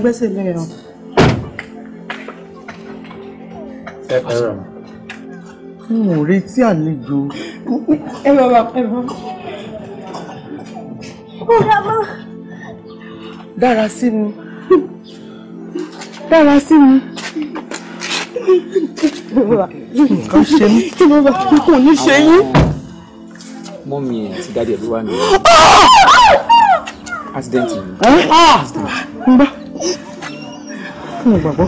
gbẹ́sẹ̀ lé ọ. ẹ ẹ rà n ò retí àlejò. ẹ bàbá ẹ bàbá. dára sí mi dára sí mi nǹkan ṣe mí kí ló bá kò ní ṣe yín. mọ́mí àti dáàdì ló wà ní. Ah! accident ni. Ah! accident n ò gbàgbọ́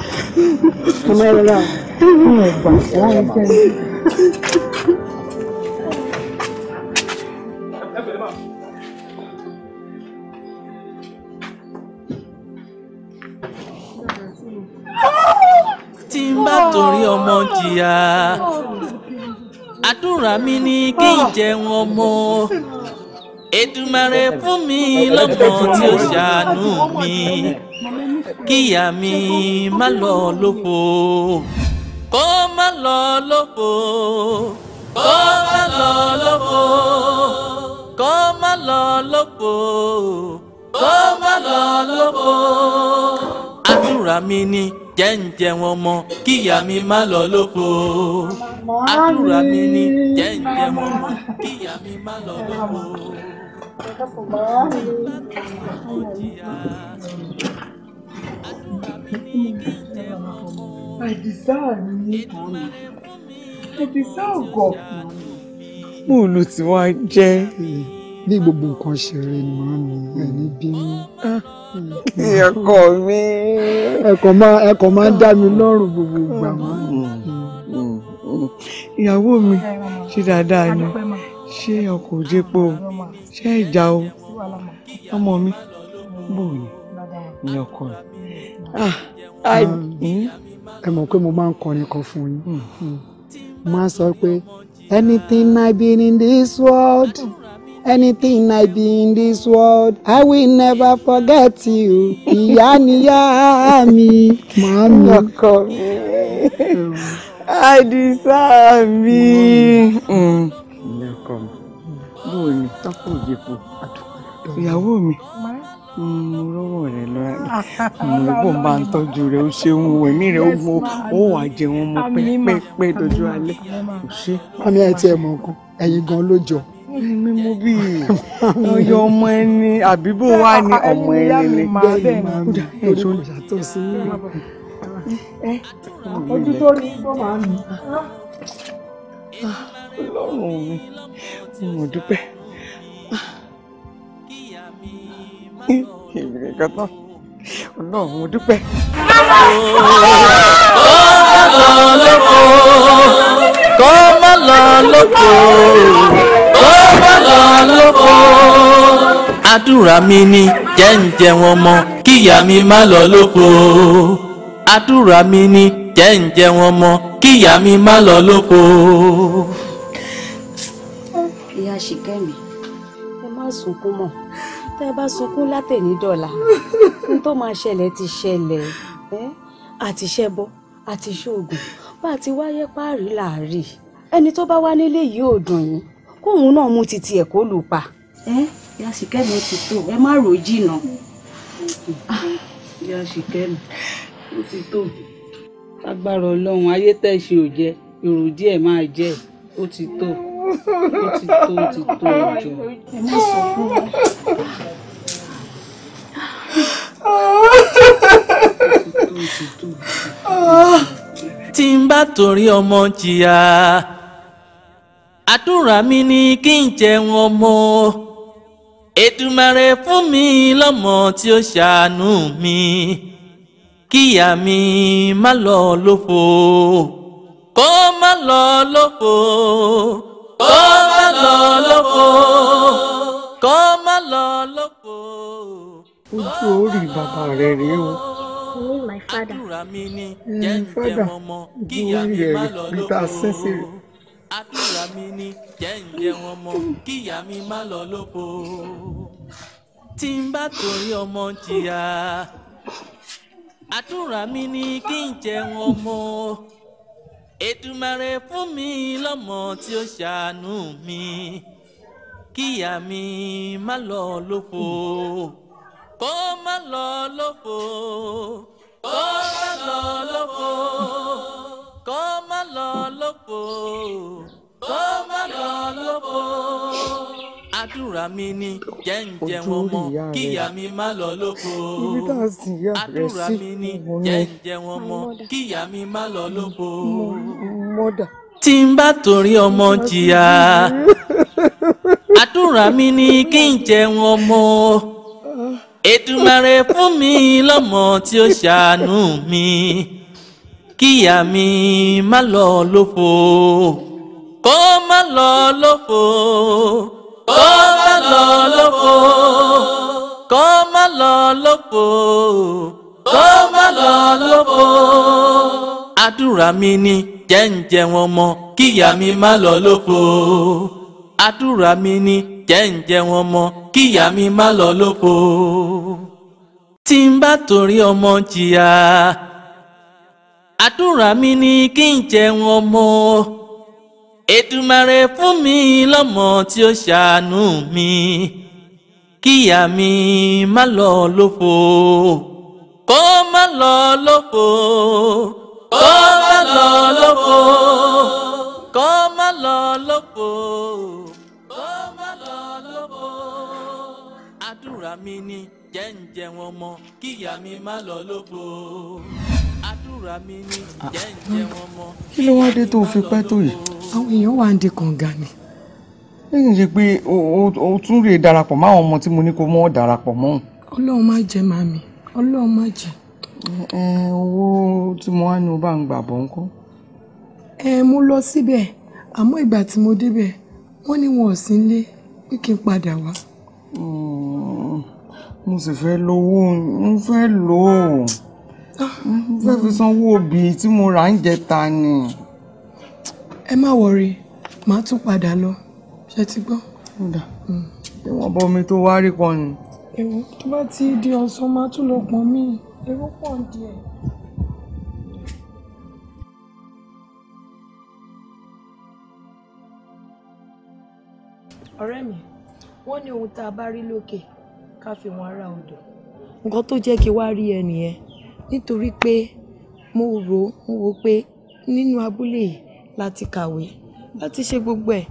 ọmọ ẹ lọ́la n ò gbà ẹ̀wọ̀n ẹ jẹ́ tí n bá torí ọmọ jìyà àdúrà mi ni kí n jẹun ọmọ. Èdùmàrè fún mi lọ́mọ tí ó ṣàánú mi kíyà mi má lọ lófo kó má lọ lófo kó má lọ lófo kó má lọ lófo kó má lọ lófo. àdúrà mi ni jẹ́ǹjẹ́ wọn mọ kíyà mi má lọ lófo. àdúrà mi ni jẹ́ǹjẹ́ wọn mọ kíyà mi má lọ lófo. Mami. Mami. I deserve ní ìtànà. I deserve God. Mòlù tí wọ́n á jẹ́. Bí gbogbo nǹkan ṣe rẹ̀ ni màá mi ẹni bínú. Ah. Ẹ̀kọ́ mi. Ẹ̀kọ́ máa ń dá mi lọ́rùn gbogbo ìgbà wọn. Ìyàwó mi ṣe dáadáa ni. Ṣé ọkọ̀ òjèpo? Ṣé ìjà o? Ọmọ mi bò ní ọkọ rẹ̀. Ah, ẹ pé mo máa ń kọrin kan fún yín hmm, hmm. máa sọ pé anything I be in this world anything I be in this world I will never forget you ìyá níyá mi màá mi. ọkọ mi àdìsá mi. Hmm. ìyàwó mi mo rọwọ rẹ lọra mo bò ń bá ń tọ́jú rẹ o ṣeun ẹ̀mí rẹ ó wo ó wà jẹun mo pẹ́pẹ́pẹ́ dojú alẹ́ kò ṣe. àmì àti ẹ̀mọ̀ kan ẹ̀yin gan ló jọ. mi mo bí ọyọ ọmọ ẹni àbíbò wa ni ọmọ ẹni ni bẹ́ẹ̀ máa ń bí ojú kò yàtọ̀ sí i. ojú tó ní tó máa ń bí. Ọlọ́run mi mo dúpẹ́. Ah, ìrìn kan tán ọ̀nà mo dúpẹ́. kọ́ má lọ lóko kọ́ má lọ lóko kọ́ má lọ lóko. àdúrà mi ni jẹ́ ń jẹun kíyà mi má lọ lóko. àdúrà mi ni jẹ́ ń jẹun kíyà mi má lọ lóko. ìyá ṣìkẹ́ mi ẹ má sunkún mọ́ tẹ́ ẹ bá sunkún látẹ̀ní dọ̀la n tó máa ṣẹlẹ̀ ti ṣẹlẹ̀ àti ṣẹbọ àti ṣoògùn bá a ti wáyé páàrí láàrí ẹni tó bá wá nílé yìí ò dùn yín kóun náà mú titi ẹ̀ kó lù pa. ẹ yasike mi ti tó ẹ má rò jìnnà ah. yasike mi ó ti tó agbára Ọlọ́run ayé tẹ̀sí ò jẹ èrò díẹ̀ máa jẹ ó ti tó ó ti tó ó ti tó ọjọ́ ẹ má sọ fún mi. tí n bá torí ọmọ jìyà àdúrà mi ni kí n jẹun ọmọ Èdùmàrè fún mi lọ́mọ tí ó ṣàánú mi kíyà mi má lọ lófo kó má lọ lófo kó má lọ lóko kó má lọ lóko. ojú orí bàbá rẹ rèé o. Me, my father. Àdúrà mi ni hmm, jẹ́ǹjẹ́ mọ́mọ́ kí ìyá mi má lọ lóko. Àdúrà mi ni jẹ́ǹjẹ́ mọ́mọ́ kí ìyá mi má lọ lóko. Tí n bá torí ọmọ jìyà. Àdúrà mi ni kí n jẹun ọmọ. Èdùmàrè fún mi lọ́mọ tí ó ṣàánú mi kíyà mi má lọ lófo kó má lọ lófo kó má lọ lófo kó má lọ lófo kó má lọ lófo àdúrà mi ni jẹ́ ń jẹun ọmọ kíyà mi má lọ lóko àdúrà mi ni jẹ́ ń jẹun ọmọ kíyà mi má lọ lóko tí n bá torí ọmọ jìyà àdúrà mi ni kí n jẹun ọmọ èdùmàrè fún mi lọ́mọ tí ó ṣàánú mi kíyà mi má lọ lófo kó má lọ lófo kọ́ má lọ lóko kọ́ má lọ lóko kọ́ má lọ lóko. àdúrà mi ni jẹ́ǹjẹ́ wọn mọ kíyà mi má lọ lóko. àdúrà mi ni jẹ́ǹjẹ́ wọn mọ kíyà mi má lọ lóko. tí n bá torí ọmọ jìyà àdúrà mi ni kí n jẹun ọmọ. Èdùmàrè fún mi lọ́mọ tí ó ṣàánú mi kíyà mi má lọ lófo kó má lọ lófo kó má lọ lófo kó má lọ lófo kó má lọ lófo àdúrà mi ni jẹ́ ń jẹ́ wọn kíyà mi má lọ lófo kí ló wáá dé tó fi pẹ́ tó yìí. àwọn èèyàn wà ń di kànga ni. ó sì ń ṣe pé o tún rè darapọ̀ mọ́ àwọn ọmọ tí mo ní kó mọ́ darapọ̀ mọ́ òun. ọlọ́run má jẹ́ màmí ọlọ́run má jẹ́. ẹ owó tí mo wá ní o bá ń gbà bọ̀ ń kọ́. ẹ mo lọ síbẹ̀ àmọ́ ìgbà tí mo débẹ̀ wọ́n ní wọn ò sí nílé pé kí n padà wá. Hmm, mo sì fẹ́ lówó mo fẹ́ lò ó mo fẹ́ fi sanwó obì tí mo rà ń jẹta ni. ẹ má wọrí màá tún padà lọ ṣe ti gbọ́. ṣé wọ́n bọ́ omi tó wá rí pọ̀ ni. èwo tó bá ti di ọ̀sán máa tún lọ pọ̀ mí èrò pọ̀ díẹ̀. ọ̀rẹ́ mi wọ́n ní ohun tá a bá rí lókè ká fi wọn ara odò nǹkan tó jẹ́ kí wá rí ẹ nìyẹn nítorí pé mo rò mo wò pé nínú abúlé yìí la ti kàwé láti ṣe gbogbo ẹ̀.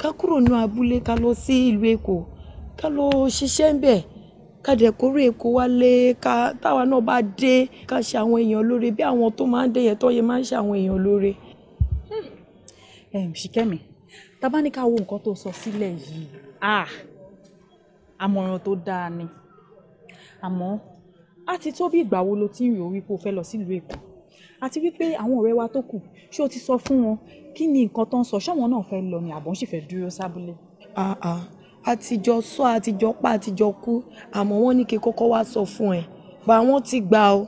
Ká kúrò nínú abúlé ká lọ sí ìlú Èkó, ká lọ ṣiṣẹ́ ń bẹ̀, ká dẹ̀ kórè oko wálé, ká táwa náà bá dé ká ṣe àwọn èèyàn lóore bí àwọn tó máa ń dé tó yẹ máa ń ṣe àwọn èèyàn lóore. Hm, Ṣìkẹ́mi, tá ní ká wo nǹkan tó sọ sílẹ̀ yìí, ah, àmọ̀ràn tó dáa ni. Àmọ́ á ti tó bí ìgbà wo lo ti ń rò wípé o fẹ́ lọ sílùú èkó àti wípé àwọn ọ̀rẹ́ wa tó kù ṣé o ti sọ fún wọn kí ni nǹkan tó ń sọ ṣáwọn náà fẹ́ lọ ni àbọ̀n sì fẹ́ dúró sábúlé. àtijọ́ sọ àtijọ́ pa àtijọ́ kú àmọ́ wọ́n ní kí kọ́kọ́ wá sọ fún ẹ̀ bá wọn ti gbà ó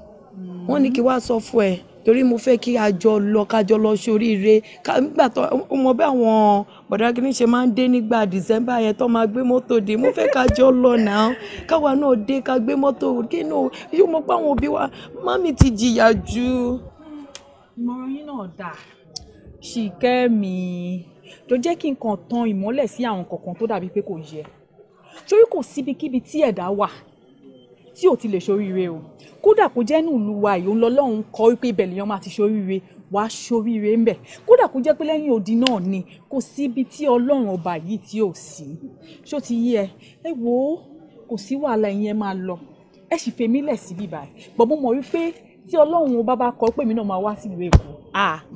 wọ́n ní kí wá sọ fún ẹ̀ torí mo fẹ́ kí a jọ lọ ká jọ lọ ṣoríire ká nígbà tó mọ bí àwọn bọ̀dákìní ṣe máa ń dé nígbà December yẹn tó máa gbé mọ́tò dé mo fẹ́ ká jọ lọ náà káwa náà dé ká gbé mọ́tò kí nù yóò mọ pé àwọn òbí wa mami ti jìyà jù. ìmọ̀ràn yín náà dà ṣìkẹ́mi tó jẹ́ kí n kàn tan ìmọ́lẹ̀ sí àwọn kọ̀ọ̀kan tó dàbí pé kò yẹ torí kò síbikíbi tí ẹ̀dá wà tí ò ti lè ṣoríire o kódà kó jẹ́ ní ìlú wa ìhòòhùn lọ́lọ́run kọ́ wípé ibẹ̀ lèèyàn máa ti ṣoríire wàá ṣoríire ńbẹ̀ kódà kó jẹ́ pé lẹ́yìn odi náà ni kò síbi tí ọlọ́run ọba yìí tí ò sí ṣó ti yí ẹ ẹ wò ó kò sí wàhálà ìyẹn máa lọ ẹ sì fèmí lẹ̀ síbí báyìí bọ̀ mo mọ̀ wípé tí ọlọ́run bá bá kọ pé mi náà máa wá sílùú èkó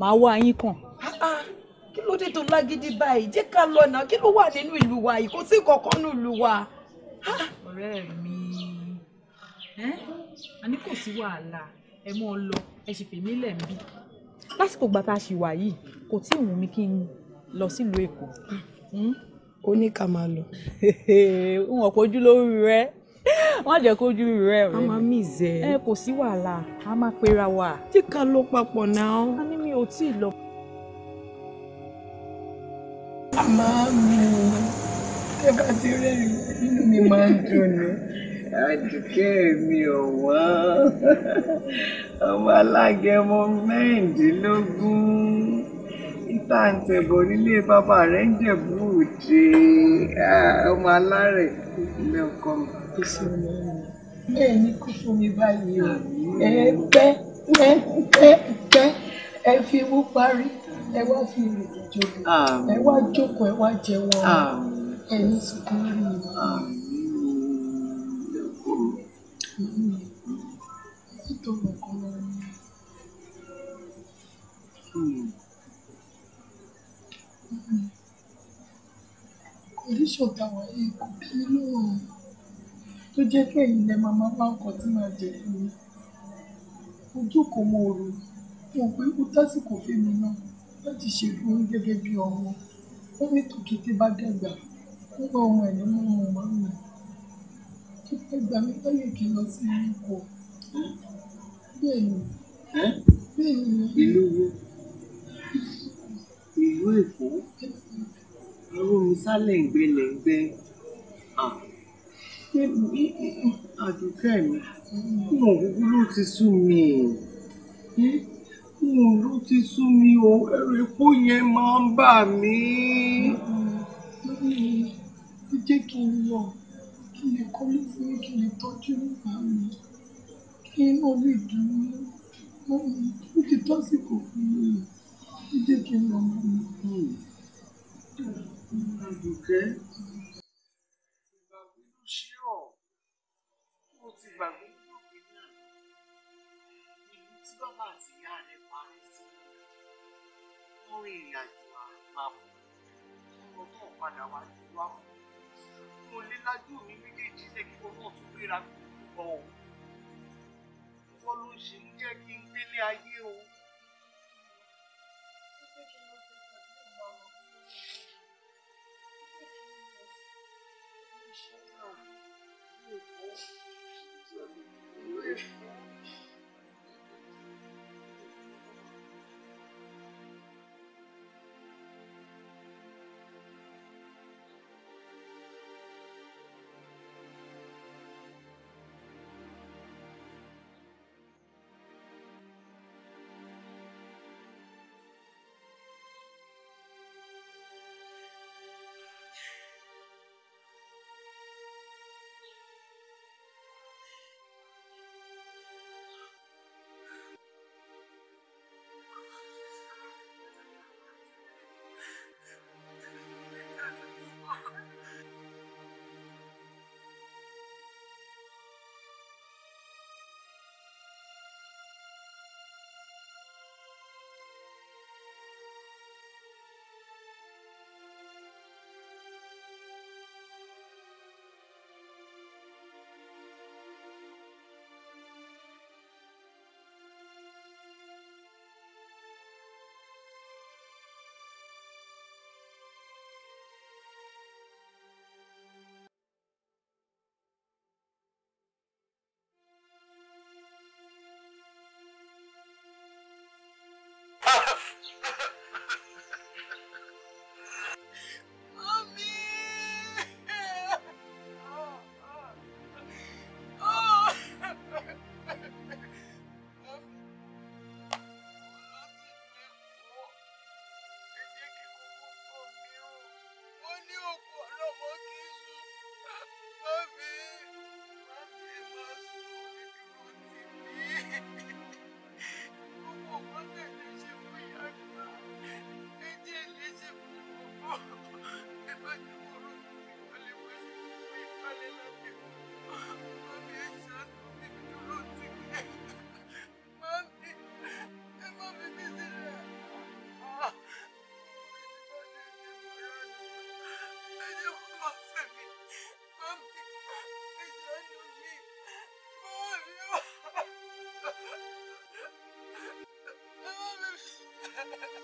máa wá yín kàn. Ah, ah, kí ló dé tó lágídí báyìí jẹ́ ká lọ náà kí ló wà nínú ìlú wa yìí kò sí kankan nínú ìlú wa. Ah, ọ̀rẹ́ mi àní kò sí wàhálà ẹ mọ́ ọ lọ ẹ sì fèmí lẹ̀ ń bì. lásìkò ìgbà tá a ṣì wà yìí kò tí ì wù mí kí n lọ sílùú èkó. Hmm? ó ní ká máa lọ. wọn kò ojú lórí rẹ wọn jẹ kó ojú rẹ a máa mí ìzẹ. ẹ kò sí wàhálà a máa pera wa. tí ká ló papọ̀ náà. a ní mi ò tí ì lọ. màámi ẹ bá ti rẹ́rìn-ín inú mi máa ń dùn ni. àdìkẹ́ mi ọ̀wọ́n ọmọ mẹ́rìndínlógún níta nílé bàbá rẹ̀ ń jẹ̀bú òde ọmọ alárẹ̀ ilé ọkọ mi. bẹ́ẹ̀ ni kú fún mi báyìí o ẹ pẹ́ pẹ́ pẹ́ pẹ́ ẹ fi mú fi ẹ wá ẹ wá ẹ ní Condition tá wà yìí kò bí mi lọ́rùn tó jẹ́ pé ẹ̀yin lẹ máa máa wá nǹkan tí màá jẹ fún mi. Ojú kò mọ òru, mo pé kó tásìkò fún mi náà láti ṣe fún yín gẹ́gẹ́ bí ọmọ. Ó ní tòkété bá dàgbà, ó gba ọmọ ẹ̀ nínú ọmọ mi ẹ gbà mí tó yẹ kí n lọ sí ikọ̀ bẹ́ẹ̀ ni bẹ́ẹ̀ ni. ìlú wo ìlú èkó ọ̀rọ̀ mi sálẹ̀ ń gbé lẹ̀ ń gbé àdùkẹ́ mi mo kúkú ló ti sú mi mo ló ti sú mi o ẹ̀rọ epo yẹn máa ń bà mí. jẹ́ kí n lọ n lè kọ́lé fún yín, kí n lè tọ́jú màámi, kí n náà lè dùn ún. Mọ́mi, ó ti tó àsìkò fún mi. Ó jẹ́ kí n lọ mọ́ mi. Àdùkẹ́, ìgbàgbé ló ṣe ọ̀. Mo ti gbàgbé nínú òkè náà. Ìlú tí bàbá àti ìyá rẹ̀ parí sí. Wọ́n ìrìn àjò àrùn àbò. Wọ́n padà wá ní ìlú àbò mo lé lájú mi méjèèjì jẹ́ kí wọn náà tún gbéra mi tún bọ̀ o. ìwọ ló ń ṣe ń jẹ́ kí n gbélé ayé o. Thank you. Ha ha ha!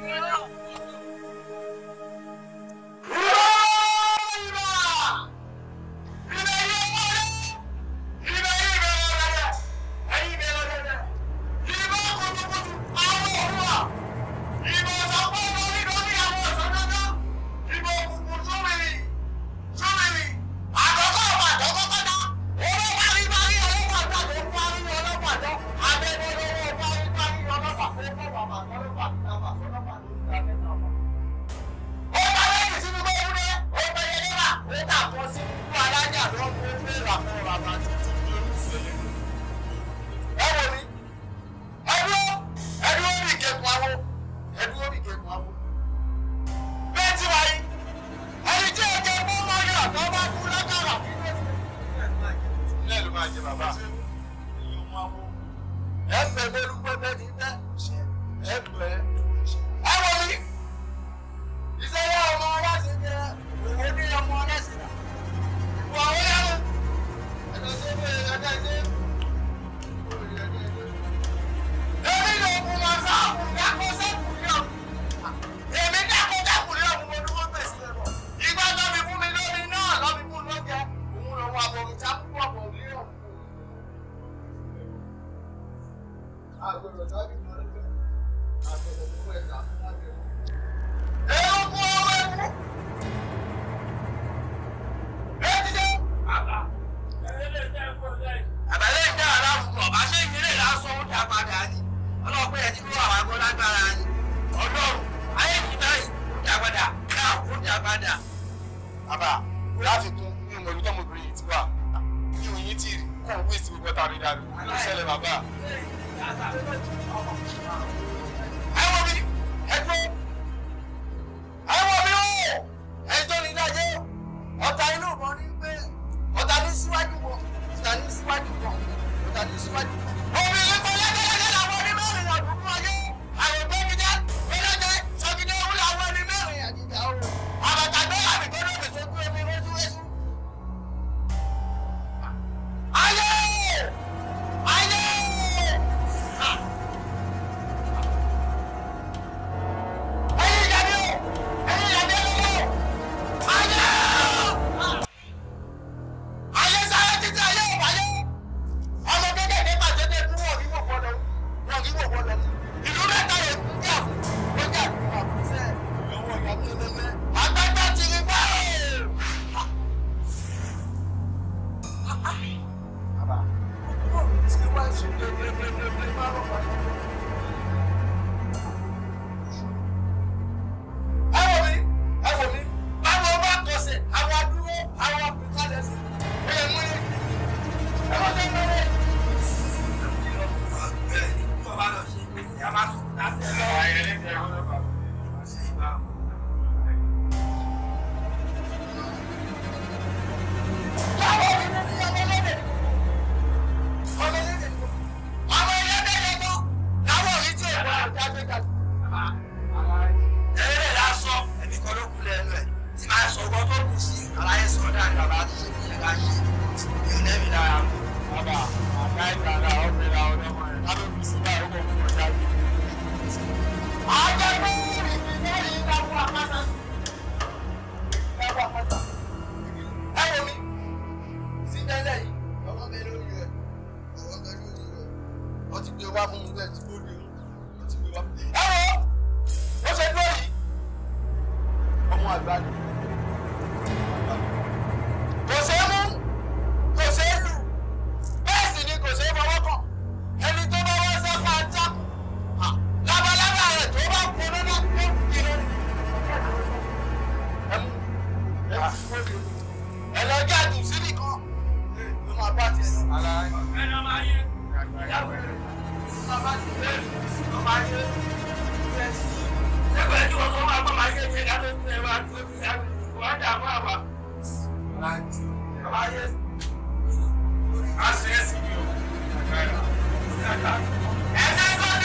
lọ jáde sí nìkan ló máa bá ti sùn. ẹ lọ máa yé yàgò ẹ lọ bá ti bẹ lọ máa yé ẹ ti ẹgbẹ́ tí wọ́n sọ máa bá máa yé ẹ dáná ẹ máa tó ẹ fi wọ́n dà mọ́ àwa. lọ máa yé a ṣe é sí mi o. ẹ ṣe é kọ́.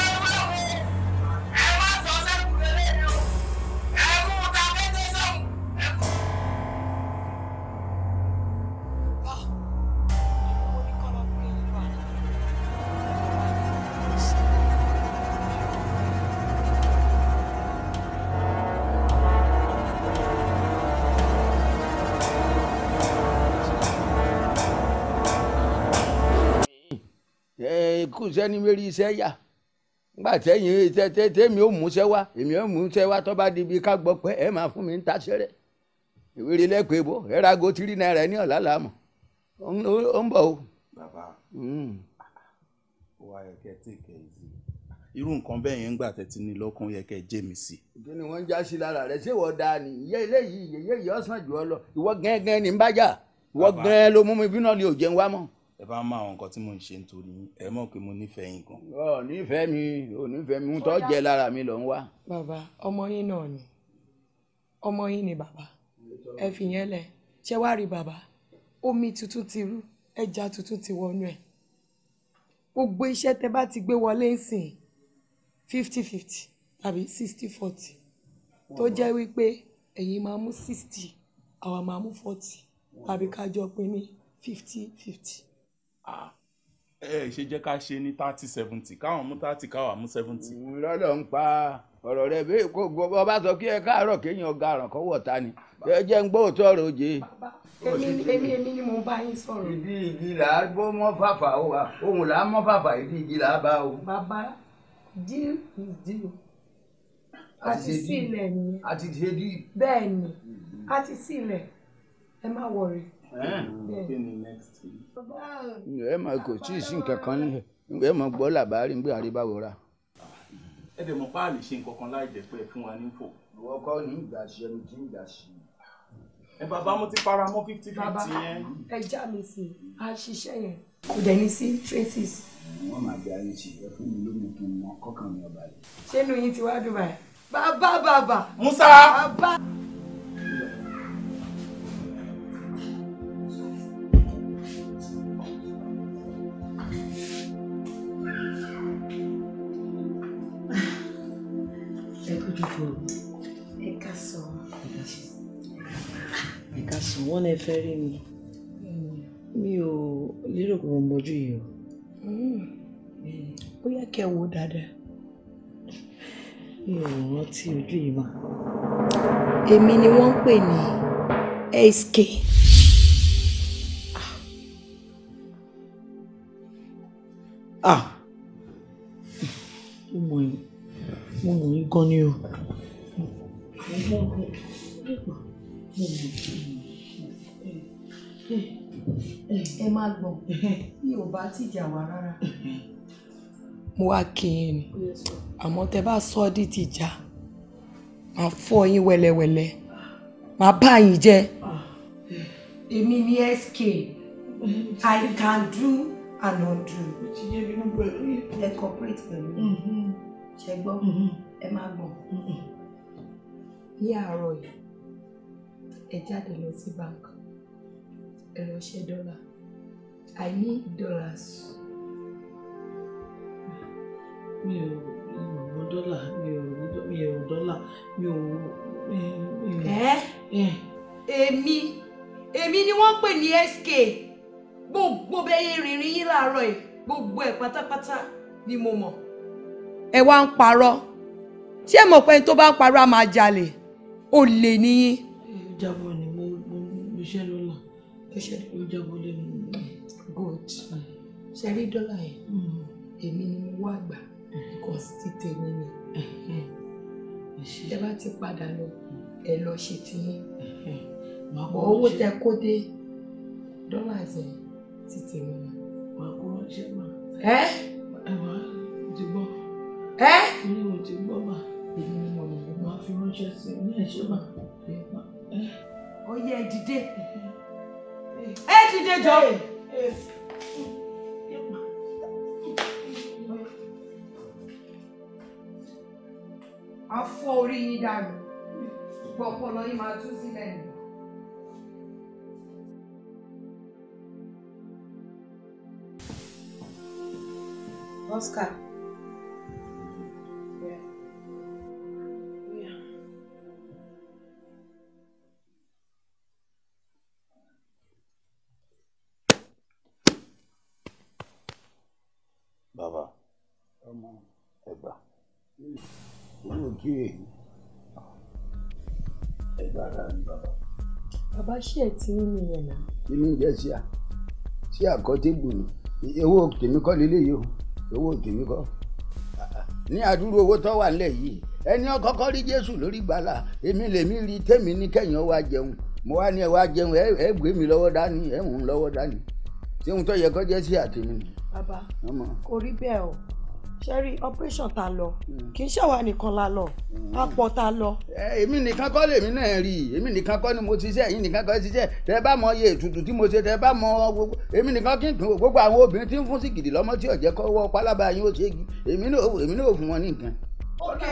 sẹ́ni mérí iṣẹ́ yà ngbà tẹ́yìn tẹ́mi ò mú iṣẹ́ wá èmi ò mú iṣẹ́ wá tó bá di ibi ká gbọ́ pé ẹ máa fún mi ń taṣẹ́rẹ́ ìwérí lẹ́kọ̀ọ́ èbó ẹ ra go tírí náírà ní ọ̀la làámọ̀ ó ń bọ̀ o. bàbá hmm. wa yẹ kẹ tí kẹ ìzì irú nǹkan bẹ́ẹ̀ yẹn ń gbà tẹ́tí ní lọ́kàn yẹ kẹ jẹ́ mi sí. kí ni wọ́n ń já sí lára rẹ̀ ṣé ìwọ dáa ni iye eléyìí iye yìí ọ̀sán jù ọ lọ ìwọ gẹ́gẹ́ ni ń bá jà ìwọ gẹ́gẹ́ ló mú mi bínú ọ̀lẹ́ òjẹun wá mọ́ ẹ bá mọ àwọn nǹkan tí mò ń ṣe nítorí ẹ mọ̀ pé mo nífẹ̀ẹ́ yín gan. ọ nífẹ̀ẹ́ mi ò nífẹ̀ẹ́ mi tó jẹ lára mi ló ń wá. bàbá ọmọ yín náà ni ọmọ yín ni bàbá ẹ fi yẹn lẹ ṣé wàá rí bàbá omi tuntun ti rú ẹja tuntun ti wọnú ẹ gbogbo iṣẹ́ tẹ bá ti gbé wọlé ń sìn fifty fifty tàbí sixty forty tó jẹ́ wípé ẹ̀yin máa mú sixty àwa máa mú forty tàbí ká jọ ní fifty fifty. Ah. ẹ ṣe jẹ́ ká ṣe ní thirty seventy káwọn mú thirty káwọn mú seventy. lọ́lọ́ ń pa ọ̀rọ̀ rẹ̀ bí kò gbọ́ bá sọ kí ẹ káàárọ̀ kéèyàn ga àràn kọ́wọ́ ta ni ẹ jẹ́ ń gbọ́ òótọ́ ọ̀rọ̀ òjé. èmi èmi ni mo bá yín sọ̀rọ̀. ibi igi là á gbọ́ mọ́ fàfà o wa ohun là á mọ́ fàfà ibi igi là á bá o. bàbá deal is deal a ti sílẹ̀ nìyẹn. a ti ṣe deal. bẹ́ẹ̀ ni a ti sílẹ̀ ẹ má wọrí. Eh, hmm. ẹ mọ kò tí ì sí nǹkan kan nílẹ̀ ẹ mọ gbọ́ làbárí ń gbé àríbáwò ra. ẹ dẹ̀ mọ̀ páàlì ṣe nǹkan kan láì jẹ́ pé ẹ fún wa ní fò. ìwọ kọ́ ní ìgbà ṣe ẹni tí ìgbà ṣe. ẹ bàbá mo ti fara mọ́ fifty fifty yẹn. ẹ já mi sí i a ṣiṣẹ́ yẹn kò dẹ̀ ní sí traces. wọ́n máa bí ayé ṣe ẹ fún mi lómi kí n mọ kọ́kàn yìí. ṣé inú yín ti wá dùn báyìí. bàbá bàbá. Musa. bàbá. wọ́n náà fẹ́ rí mi mi ò lérò pé mo mojú yìí o bóyá kí ẹ wo dáadáa mi ò rántí ojú yìí mà. èmi ni wọ́n ń pè ní SK. ah, ah. mo mọ̀ yín gan ni o. mo mọ̀ yín ẹ máa gbọ́ mi ò bá tìjà wá rárá. mo wá kí n ni àmọ́ tẹ bá sọ ọ́ di tìjà máa fọ́ yín wẹ́lẹ́wẹ́lẹ́ máa bá yín jẹ́. èmi ni sk i can do and undo. ẹ cooperate pẹ̀lú mm-hmm. ṣe gbọ́ mm-hmm. ẹ máa gbọ́. Mm-hmm. ní àárọ̀ yìí ẹ jáde lọ sí báńkì ẹ̀rọ̀ṣẹ́ dollar I need dollars. mi ò mọ dọ́là mi ò mi ò dọ́là mi ò. ẹ èmi èmi ni wọ́n pè ní SK gbogbo bẹ́ẹ̀ rìnrìn yín láàárọ̀ yìí gbogbo ẹ̀ pátápátá ni mo mọ̀. ẹ wá ń parọ́ ṣé mọ̀ pé tó bá ń parọ́ a máa jalè olè nìyí. ìjábọ̀ ni mo mo ṣe lọ ẹ ṣe ló jọba lẹ́nu good ṣe rí dọ́là yẹn èmi ni mo wá gbà because ti tèmi ni ẹ bá ti padà lọ ẹ lọ ṣe ti yín owó tẹ kó dé dọ́là yẹn ti tèmi ni. wàá kó ránṣẹ́ mà. ẹ ẹ wá ti gbọ́. ẹ mi ò ti gbọ́ mà èmi ni mo lè máa fi ránṣẹ́ sí i ní ẹ̀ṣẹ́ mà. ó ẹ dìde ẹ ti dé jọ. a fọ́ orí yín dànù gbọpọlọ yín máa tú sílẹ̀ Oscar. ẹgbà owó kí èyí ẹgbà ara ni bàbá. bàbá ṣé ẹ ti nínú yẹn náà. kí ni jẹ́ sí à sí àkọ́tẹ́gbò ni owó tèmi kọ́ lélẹ́yìí o owó tèmi kọ́ ní àdúró owó tó wà nílẹ̀ yìí ẹni ọkọ̀ọ̀kọ́ rí jésù lórí gbàlà èmi lèmi rí tèmi ní kẹ́yìn ọwọ́ ajẹun mo wá ní ẹ wá jẹun ẹ gbé mi lọ́wọ́ dání ẹ ń lọ́wọ́ dání tí ohun tó yẹ kó sí àtẹ̀mí. bàbá kò rí bẹ́ẹ̀ o ṣẹ́rí operation ta lọ hmm. kì í ṣàwa nìkan la lọ hmm. papọ̀ ta lọ. èmi nìkan kọ́ lèmi náà rí i èmi nìkan kọ́ ni mo ti ṣe ẹ̀yin nìkan kọ́ ti ṣe tẹ bá mọ iye ètùtù tí mo ṣe tẹ bá mọ èmi nìkan kí n kún gbogbo àwọn obìnrin tí ń fún sìgìdì lọ́mọ tí ọ̀jẹ̀ kọ́ wọ pálábá yín ó ṣe é èmi náà ò fún wọn ní nǹkan. ok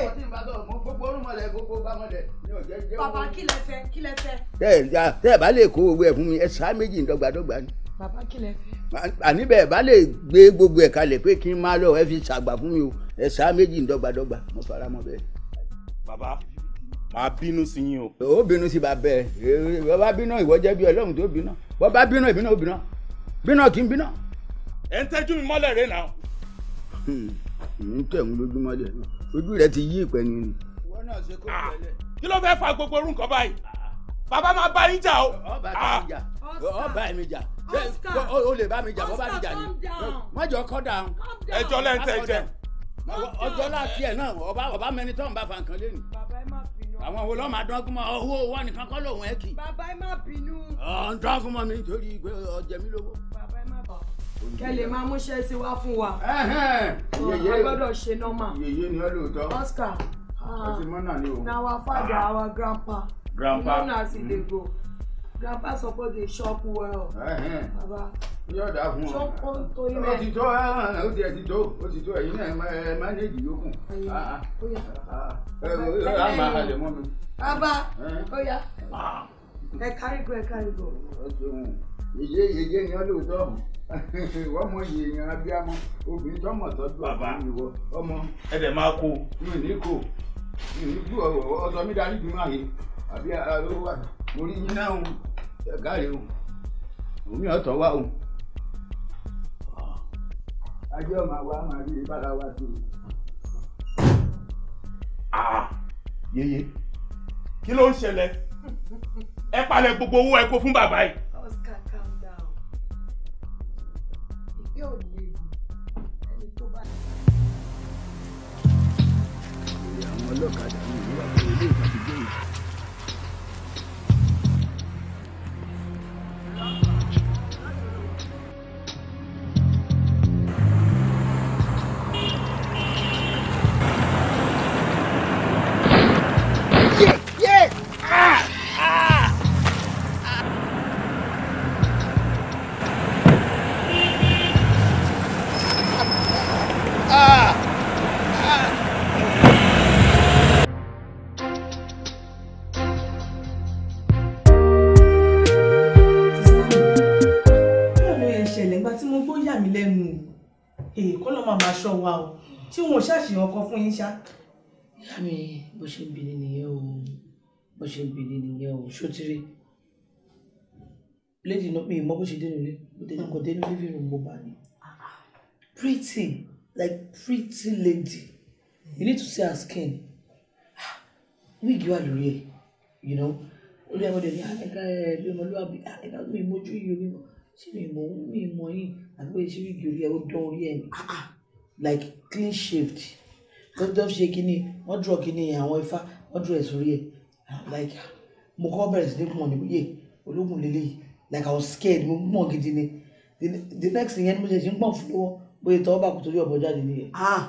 bàbá kí lẹ fẹ́ kí lẹ fẹ́. tẹ ẹ bá lè kó owó ẹ fún mi ẹ sá méjì dọ́gbadọ́gba ni bàbá kìlẹ̀ fẹ́. àní bẹ́ẹ̀ bá lè gbé gbogbo ẹ̀ kalẹ̀ pé kí n máa lọ ẹ fi ṣàgbà fún mi o ẹ ṣá méjì ń dọ́gbadọ́gba mo fara mọ́ bẹ́ẹ̀. bàbá màá bínú sí yín o. ó bínú sí bàbá ẹ bọ́ bá bínú ìwọ jẹ́ bí ọlọ́run tó bínú bọ́ bá bínú ìbínú ó bínú bínú kì í bínú. ẹ ń tẹ́jú mi mọ́lẹ̀ rẹ̀ náà. Hmm, ń tẹ̀ ń lójú mọ́lẹ̀ ojú rẹ ti yí ìpẹ́ni ni. ìwọ náà ṣe kó bàbá máa bá yín jà o. ọba mi jà o lè bá mi jà bọ́ bá mi jà ni mọ́jọ kọ́ dà án. ẹjọ́ lẹ́yìn jẹ. ọjọ́ láti ẹ̀ náà ọba mẹni tó ń bá fa nǹkan lẹ́nu. àwọn wo lọ́ọ́ máa dọ́gbọ́n mọ́ owó owó nìkan kọ́ lòun ẹ̀ kì. bàbá ẹ má bínú. ọ̀ ń dọ́gbọ́n mọ́ mi nítorí pé ọjẹ́ mi lówó. bàbá ẹ má bọ̀ kẹlẹ máa múṣẹ sí wa fún wa a gbọ́dọ̀ ṣe nọmà yèyé ni ọ lóòótọ́ Oscar ah na wa father ah. our grandpa grandpa you know as e dey mm-hmm. go grandpa suppose dey chop well baba chop on to him end. o ti tó ah, ah, o ti ti tó o ti tó ẹyin náà ẹ manage yòókù ah, a máa halẹ̀ mọ́ mi. baba oya ẹ carry go ẹ carry go. yeye yeye ni ọ lóòótọ́ wọ́n mọ iye èèyàn abiyamọ obìnrin tọmọ tọdú àbá ìwọ ọmọ. ẹ dẹ̀ máa kó. mi ò ní kó mi ò ní kú ọ̀sọ́ mi darí dùn máa yẹ àbí ara wà mo rí yín náà ẹ káre o omi ọ̀tọ̀ wá o ah. ajé ọmọ àwa máa rí ibára wa tó. Ah. yeye kí ló ń ṣẹlẹ̀ ẹ palẹ̀ gbogbo owó ẹ kó fún bàbá yìí. Oscar calm down ìgbé ò léwu ẹni tó bá. ìyá àwọn ọlọ́kadà ní ìlú Thank you. tí wọn ò ṣàṣeyàn kan fún yín ṣá. ìyá mi bó ṣe ń bi nìyẹn o bó ṣe ń bi nìyẹn o ṣótìrí lady náà mi mọ bó ṣe dénú ilé kò dénú living room mo bá ní pretty like pretty lady you need to see her skin wíìgì wà lórí ẹ you know olú ẹ̀wọ̀n dẹ̀bi ẹ̀ka ẹ̀bí ọmọlúwàbí ah, ẹ̀ka mi ìmọ̀jú yìí omi mọ̀ ṣé mi ìmọ̀ mi ìmọ̀ yìí àbúrò ìṣẹ́ wíìgì orí ẹ̀ ó dán orí ẹ̀ ni. Ah, ah like clean shaved tó tó ṣe kínní wọ́n dúró kínní àwọn ifá wọ́n dúró ẹ̀ sórí ẹ̀ like mo kọ́ bẹ̀rẹ̀ sí ní mọ̀ ní yé ológun lélẹ̀ yìí like I was scared mo mọ̀ gidi ni the next thing yẹn mo ṣe ṣe ń pọ̀ fún lọ́wọ́ bóyá tọ́wọ́ bá kò torí ọ̀bọ jáde nìyẹn. Ah!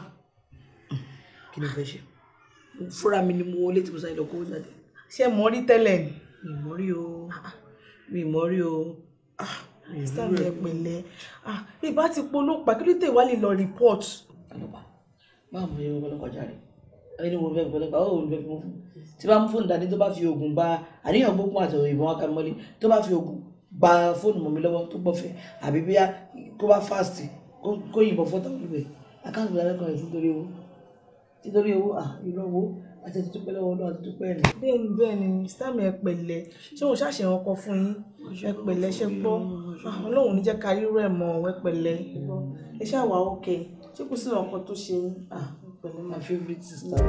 kí ló fẹ́ ṣe fúnra mi ni mo wọlé tí mo sáré lọ kó jáde. ṣé mo rí tẹ́lẹ̀ mi mọ̀ rí o ah, ah. mi mọ̀ rí o sísàmì ẹ pẹ̀lẹ́ ah ìbá ti polópàá kí ló tẹ ìwálè lọ report. ọlọ́pàá máa mú ẹyọ ọlọ́pàá jáde ẹni wo bẹ́ẹ̀ ọlọ́pàá ó wọlé bẹ́ẹ̀ fún tí bá ń fóònù dání tó bá fi oògùn bá àníyàn gbókun àti ìbọn akamọlé tó bá fi oògùn bá fóònù mọ mi lọ́wọ́ tó gbọfẹ àbí bíyà kó bá fast kó yìnbọn fọta olùbẹ akáǹtì làwọn ẹkọ rẹ títorí owó títorí owó ah ìrọ owó àti ẹ̀tún dúpẹ́ lọ́wọ́ ọlọ́run àti dúpẹ́ rẹ̀. bẹ́ẹ̀ ni bẹ́ẹ̀ ni sísá mi ẹ pẹ̀lẹ́ ṣé òun ṣàṣẹ ọkọ fún yín ẹ pẹ̀lẹ́ ṣe gbọ́ ah, ọlọ́run ní jẹ́ ká rírọ̀ ẹ̀ mọ́ ẹ pẹ̀lẹ́ ẹ ṣàwà òkè ṣé kò sí ọkọ tó ṣe yín ah, pẹ̀lẹ́ my favourite sister.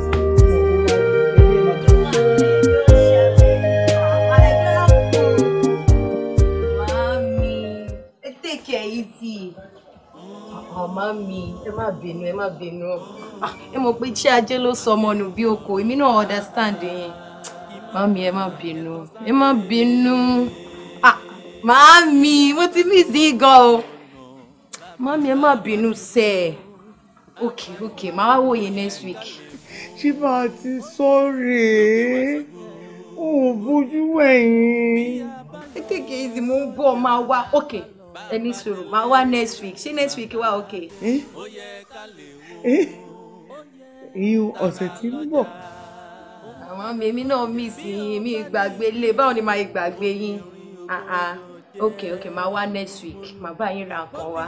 mami ẹ tẹ̀kẹ̀ yìí ah, mami ẹ má bínú ẹ má bínú. Ah, ẹ mọ̀ pé iṣẹ́ ajé ló sọ ọmọ nù bí oko èmi náà understand yín màmí ẹ má bínú ẹ má bínú ah, màmí mo ti mí sí gan o màmí ẹ má bínú sẹ ok ok màá wá wòye next week. ṣíbà ti sọ rèé ò bójú ẹ̀yìn. kékèké ìdí mo ń bọ̀ máa wá ok ẹni sùúrù máa wá next week ṣé next week wá ok. Eh? Eh? ìyún ọ̀sẹ̀ tí ń bọ̀. àwọn èmi náà mí sí mi gbàgbé lé báwo ni màá gbàgbé yín ok ok màá wá next week màá bá yín ra nǹkan wá.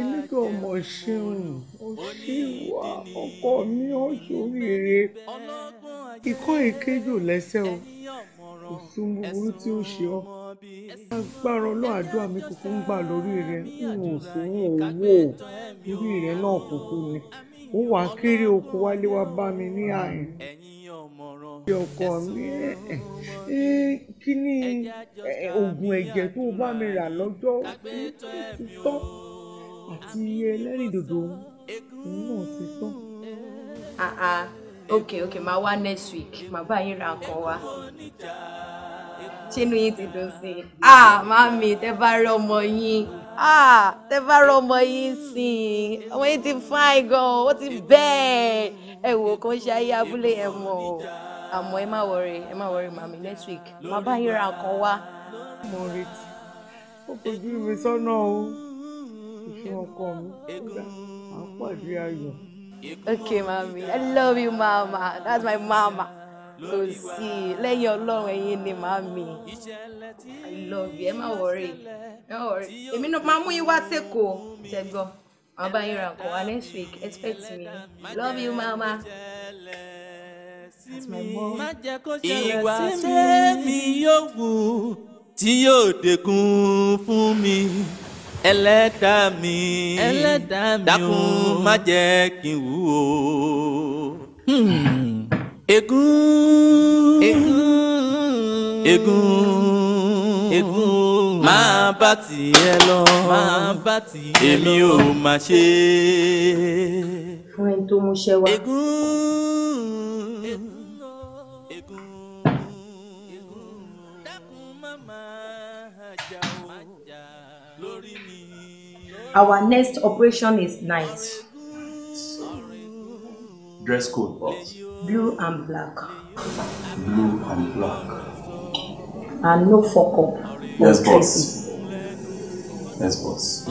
ilégbè ọmọ ṣeun ó ṣì wà ọkọ mi ó ṣoríire ikọ́ ìkéjò lẹ́sẹ̀ o kò sún búburú tí ó ṣe ọ́ agbára ọlọ́run àdúrà mi kúkú ń gbà lórí rẹ n ò fún owó orí rẹ náà kúkú ni ó wà kéré oko wálé wá bá mi ní àyìn bí ọkọ mi kí ni oògùn ẹ̀jẹ̀ tó bá mi rà lọ́jọ́ ti àti ẹlẹ́rìndòdò òun náà ti tán. Ah, ah. ok ok máa wá next week màá bá yín ra nǹkan wá ṣé inú yín ti dùn sí i ah màámi tẹ́ bá rí ọmọ yín ah tẹ bá rọmọ yìí sìn ọmọ yìí ti fine gan ó ti bẹ́ẹ̀ ẹ wò kó ń ṣe ayé abúlé ẹ mọ̀ àmọ́ ẹ má wọrí ẹ má wọrí màmí next week má bá yín ra wá. mo retí ó kojú mi sọ́nà o ìṣe ọkọ mi kódà à pàdé ayọ̀. okay mami i love you mama that's my mama kò sí lẹ́yìn ọlọ́run ẹ̀yin ni mommy. i love you ẹ má worried? ẹ worry. If èmi náà máa mú yín wá sẹ́kọ̀ọ́ tẹ̀gbọ́ màá bá yín ra nǹkan next week expect me love you mama. ìwà sẹ́mi yóò wù tí yóò dẹkùn fún mi ẹlẹ́dàá mi ẹlẹ́dàá dákun má jẹ́ kí n wú o. Hmm. Egun, Egun, Egun, máa bá tiẹ̀ lọ máa bá tiẹ̀ lọ èmi ò má ṣe. fún ẹni tó múṣẹ́ wá. ègún ègún ègún dákun máma jà ó lórí mi. Our next operation is night. Dress code boss. Blue and black. Blue and black. And no fuck up. yes, boss. Yes, boss.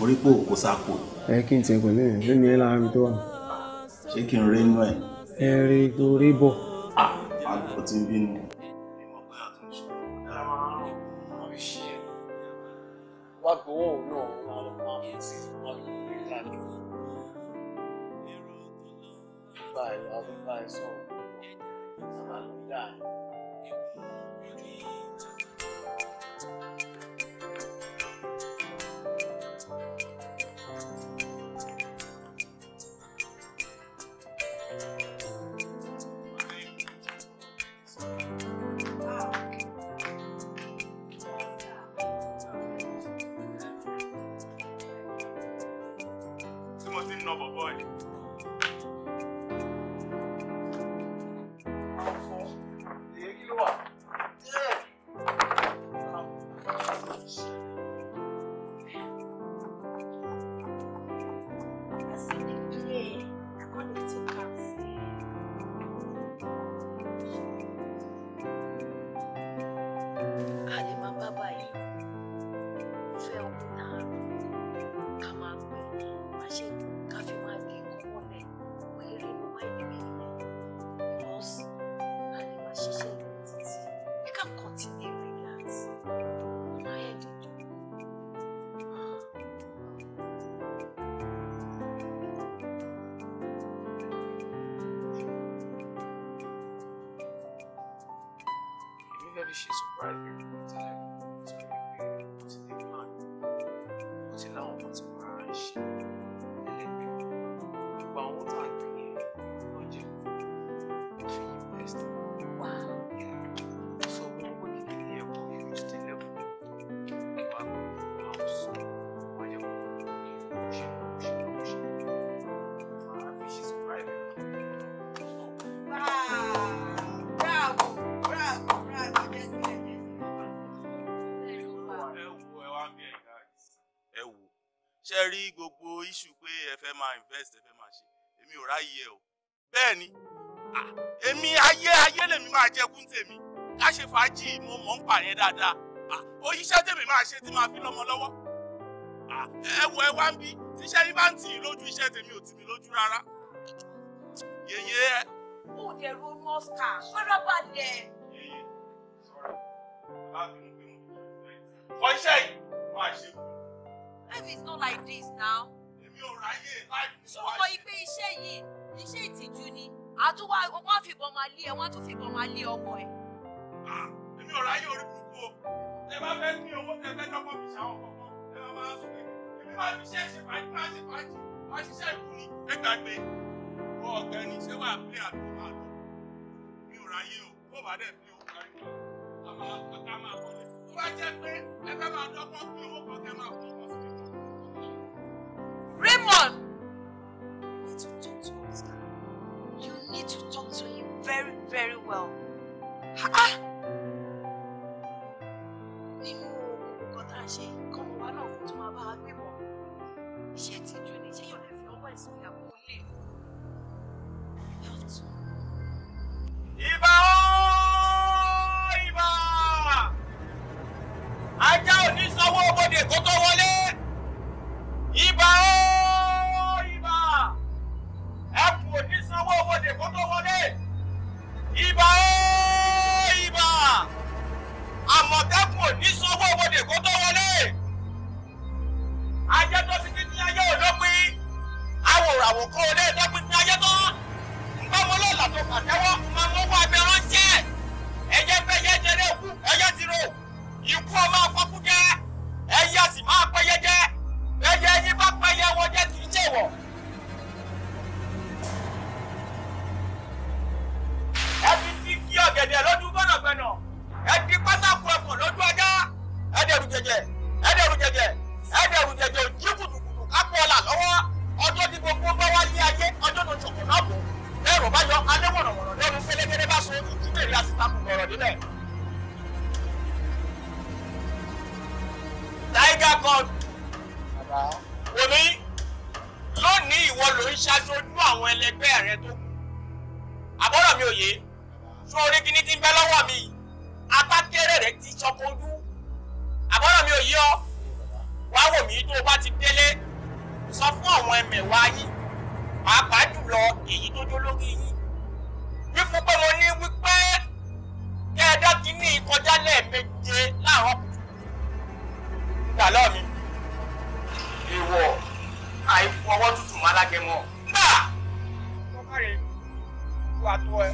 orí pò kò sáko. ẹ kí n ti ẹgbẹ́ lẹ́yìn ló ní ẹ láàárín tó wà. ṣé kí n rí inú ẹ. ẹ rí torí bọ̀. Ah, a máa tí ń bínú. wágbó òun náà àwọn àti wágbó Bye. bá ẹ lọ bá ẹ sọ̀rọ̀ àmàlùdá. wishes fẹ́ máa invest ẹ fẹ́ máa ṣe èmi ò ráyè o bẹ́ẹ̀ èmi ayé ayé lèmi máa jẹ́kún tèmi ká fàájì mo mọ̀ ń pa yẹn dáadáa oyiṣẹ́ tèmi máa ṣe tí máa fi lọ́mọ lọ́wọ́ ẹ ẹ wá ń bí tíṣẹ́ yín bá ń tì í lójú iṣẹ́ tèmi ò tì mí lójú rárá yèyé mo dẹ̀ ronú ọ̀sà fara bá bínú life is not like this now sọmọ ipe iṣẹ́ yìí iṣẹ́ ìtìjú ni àtúwà wọ́n fìbọn máa lé ẹ wọ́n tún fìbọn máa lé ọkọ ẹ. èmi ò ráyè orí burúkú o ẹ bá fẹ́ ní owó tẹ fẹ́ dọ́gbọ́n fi ṣàwọn kọ̀ọ̀kan ẹ bá máa sọ pé èmi máa fi ṣe ṣe fàájì máa fàájì máa ṣiṣẹ́ ìlú ni. ẹ gbàgbé wọ ọ̀gbẹ́ni ṣé wàá pé àbí máa lọ mi ò ráyè o bó bá dẹ̀ pé o kárí wa a máa máa kọ́lé tó bá jẹ́ pé ẹ fẹ́ máa dọ́gbọ́n fi owó kan máa fọwọ́ sí Raymond! You need to talk to him. You need to talk to him very, very well. Ha! Ah! -ha. ake mɔ nba kɔkari wa tɔ yɛ.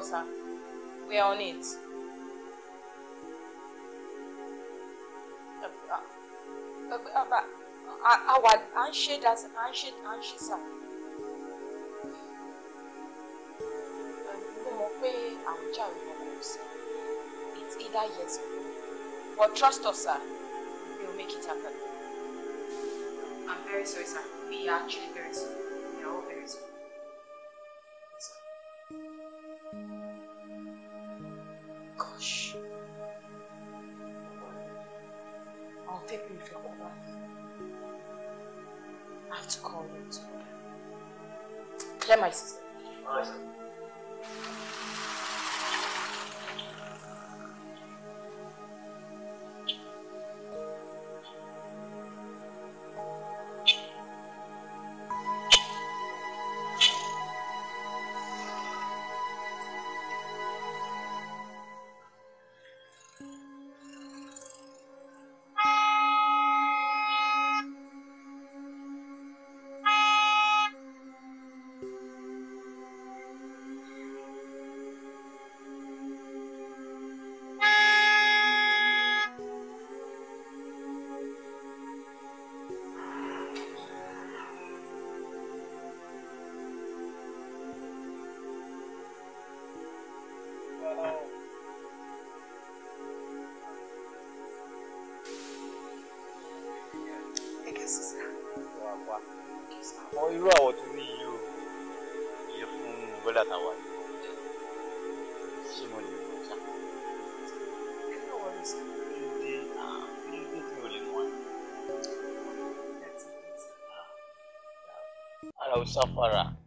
well, sir. We are on it. Our handshake, does handshake, handshake, sir. Mo mọ̀ pé àwọn jàre kankan ò It's either yes or no. But trust us, sir. We will make it happen. I'm very sorry, sir. We are actually very sorry. 가 나와 있는데 시몬이 뭐죠? 크로월에서 빌드 아 빌드 돌린 원. 알아우 사파라.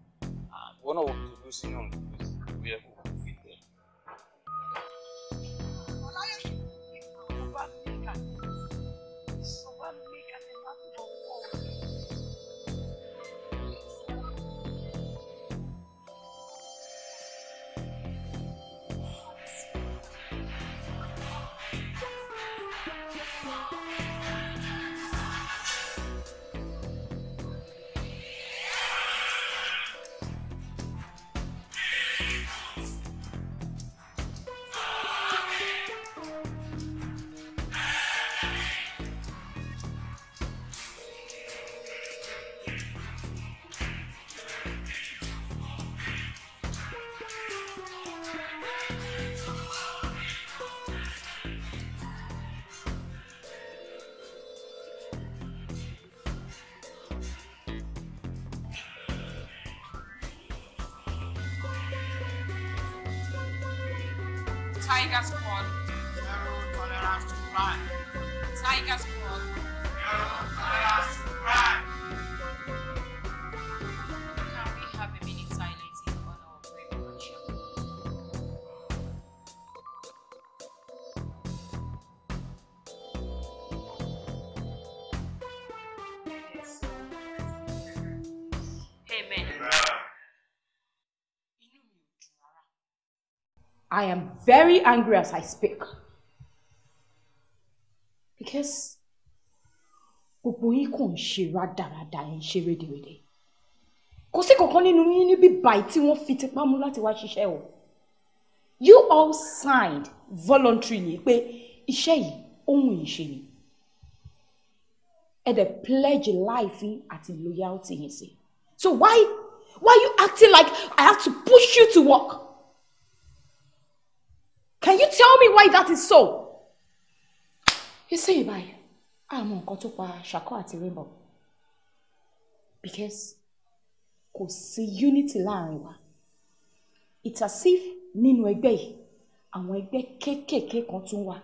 I am very angry as I speak. Because gbogbo yín kàn ń ṣe rádaràda ẹ̀ ń ṣe rédèrèdè. Kò sí kankan nínú yín níbí báyìí tí wọ́n fi tipá mú láti wá ṣiṣẹ́ o. You all signed voluntarily pé iṣẹ́ yìí ohun ìṣe ni. Ẹ dẹ̀ pledge life yín àti loyalty yín sí. So why why you acting like I have to push you to work? Can you tell me why that is so? Yẹ́sẹ̀ ìbáyìí, àmọ́ nǹkan tó pa Ṣàkọ́ àti Rainbow. Because kò sí unity láàrin wa. It's as if nínú ẹgbẹ́ yìí, àwọn ẹgbẹ́ kéékèèké kan tún wà.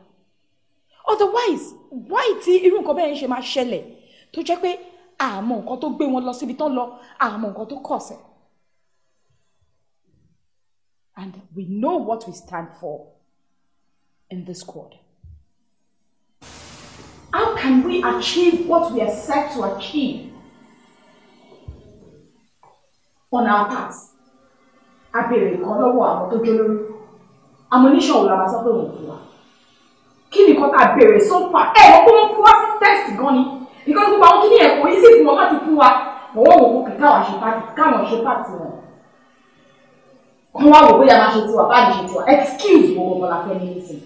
Otherwise, why tí irú nǹkan bẹ́ẹ̀ ń ṣe máa ṣẹlẹ̀ tó jẹ́ pé àmọ́ nǹkan tó gbé wọn lọ síbi tán lọ, àmọ́ nǹkan tó kọ̀ sẹ̀. And we know what we stand for in this quarter. How can we achieve what we are set to achieve on our path? A béèrè nǹkan lọ́wọ́ àwọn tó jó lórí. Ammunition wo la máa sọ pé wọ́n fún wa? Kí ni nǹkan tá so far? Ẹ ẹ̀ kó wọ́n fún wa sí tẹ́sì gan ni. Because gbogbo àwọn kí ni ẹ̀kọ́ yìí sì fún wọn láti fún wa. Ọwọ́ wo kò kí káwọn ṣe pàtì káwọn ṣe pàtì wọn. Kọ́ wá wò bóyá máa ṣe tiwa báyìí ṣe tiwa. Excuse wo gbogbo la fẹ́ ní ìsìn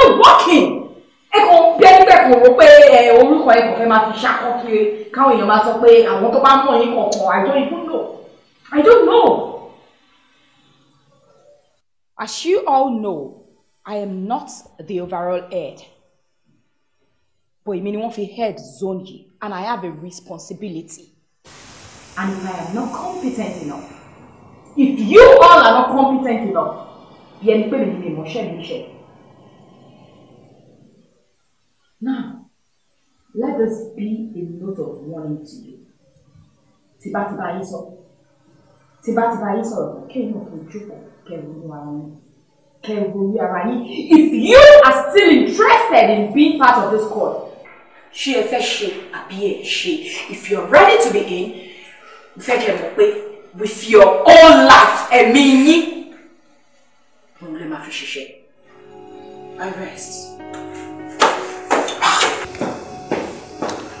not working ẹ kò bí ẹni bẹ́ẹ̀ kò rò pé ẹ orúkọ ẹ kò fẹ́ máa fi ṣakọ kiri káwọn èèyàn máa sọ pé àwọn tó bá mọ̀ yín kọ̀ọ̀kan I don't even know I don't know. As you all know, I am not the overall head. But èmi ni wọ́n fi head zone yìí and I have a responsibility. And if I am not competent enough, if you all are not competent enough, bí ẹni pé mi ni mi mọ̀ ṣẹ́ mi ṣe. Now, let this be a note of warning to you. Tìbátìbá yín sọ. Tìbátìbá yín sọ̀rọ̀ kẹ́yìn òkè jókòó kẹ́rù ní ara yín. Kẹ́rù ní If you are still interested in being part of this call, she ẹ she ṣe àbí If you are ready to be in, ìfẹ́ kẹ́ mọ̀ with your own life ẹ̀mí yín, òun lè máa fi ṣiṣẹ́. I rest.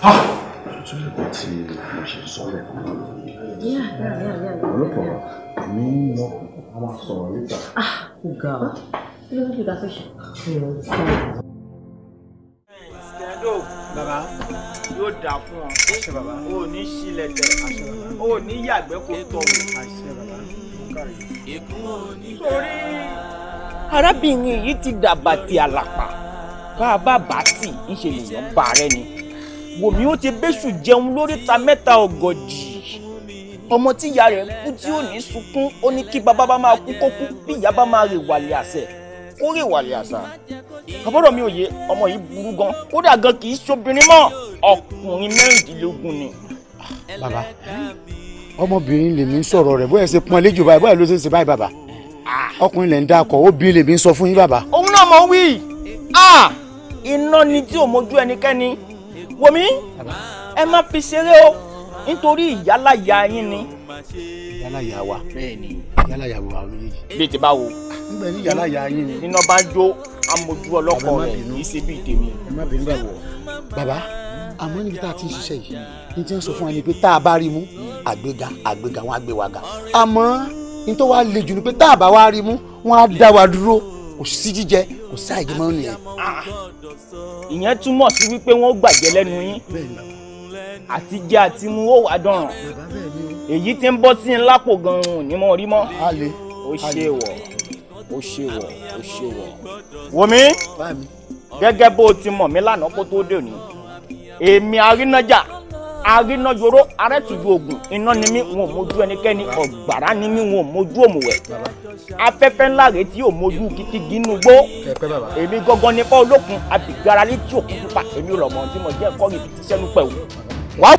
sórí nǹkan tí mo ṣe sọ lẹ́kọ̀ọ́ ọ̀rọ̀pọ̀ èmi ń lọ a máa sọ̀rọ̀ níta. ó ga ọ kí ló ń fi gàfẹ́ ṣe. bàbá yóò dáa fún ọ àṣẹ bàbá o ò ní sílẹ̀ tẹ àṣẹ bàbá o ò ní yàgbẹ́ kó tọ̀ àṣẹ bàbá sórí. arábìnrin yìí ti dàgbà ti àlàpà bá a bá bàá tì í ṣe lèèyàn bá a rẹ ni wòmí ó ti bẹ́sù jẹun lóríta mẹ́ta ọ̀gọ̀jì ọmọ tí ìyá rẹ̀ kú tí ò ní sunkún ó ní kí bàbá bá máa kú kó kú bí ìyá bá máa rè wàlẹ̀ àṣẹ kó rè wàlẹ̀ àṣà àbọ̀dọ̀ mi ò yé ọmọ yìí burú gan kódà gan kì í ṣobìnrin mọ́ ọkùnrin mẹ́rìndínlógún ni. bàbá ọmọbìnrin lèmi ń sọ̀rọ̀ rẹ̀ bóyá ṣe pọn lẹ́jọ́ báyìí bóyá ló ṣe ń ṣe báyìí bàbá ọkùnrin lè ń dákọ̀ obìnrin lèmi ń sọ fún yín bàbá. òun náà mọ̀ wí ah! iná ni tí ò mójú ẹnikẹ́ni wòmí ẹ má fi ṣeré o nítorí ìyálàyà yín ni. ìyálàyà wa ìyálàyà wa méjèèjì. bí ti bá wo. nígbà tí ìyálàyà yín ni. iná bá jó amójú ọlọ́kọ rẹ̀ kì í ṣe bí tèmi. ẹ má bínú bàbá. bàbá àmọ́ níbi tá a ti ń ṣiṣẹ́ yìí ní ti ń sọ fún wa pé tá a bá rí mú àgbéga àgbéga wọn á gbé wa ga àmọ́ ní tó wàá le jù ni pé tá a bá wá rí mú wọn á dá wa dúró kò sí jíjẹ kò sí àìjẹ mọ́ nìyẹn. Ah. ìyẹn túmọ̀ sí wípé wọ́n gbàjẹ́ lẹ́nu yín àti jẹ àti mu ó wà dọ̀ràn èyí tí ń bọ́ sí ńlá pò gan-an ní mo rí mọ́ ó ṣe wọ̀ ó ṣe wọ̀ ó ṣe wọ̀ wòmí gẹ́gẹ́ bó o ti mọ̀ mí lánàá kó tó dé òní èmi arínájà arínàjòrò arẹ́tùjú ogun iná ni mí wọn ò mójú ẹnikẹ́ni ọ̀gbàrá ni mí wọn ò mójú òmùwẹ̀ afẹ́fẹ́ ńlá rèé tí ò mójú kìkì gínú gbó èmi gangan nípa olókun abìgaralé tí ò kú pupa èmi rọ̀ mọ́ tí mo jẹ́ kọ́ọ̀rì sẹ́nu pẹ̀lú. wá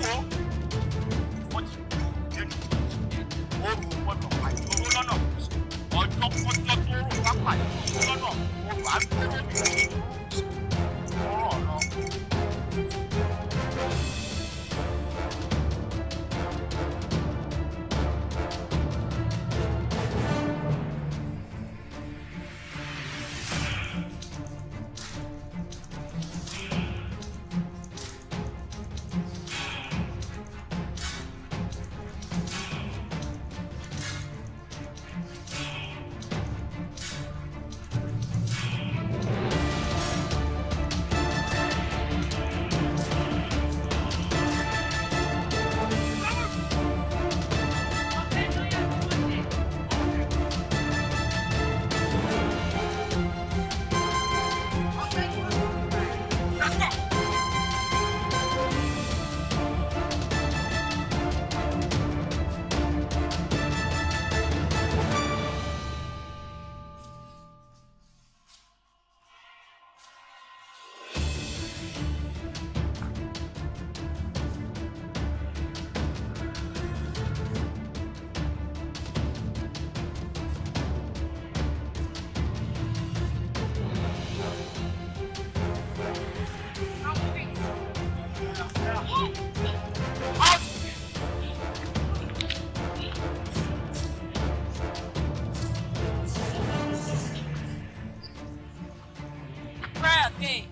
ọjọ́ Okay.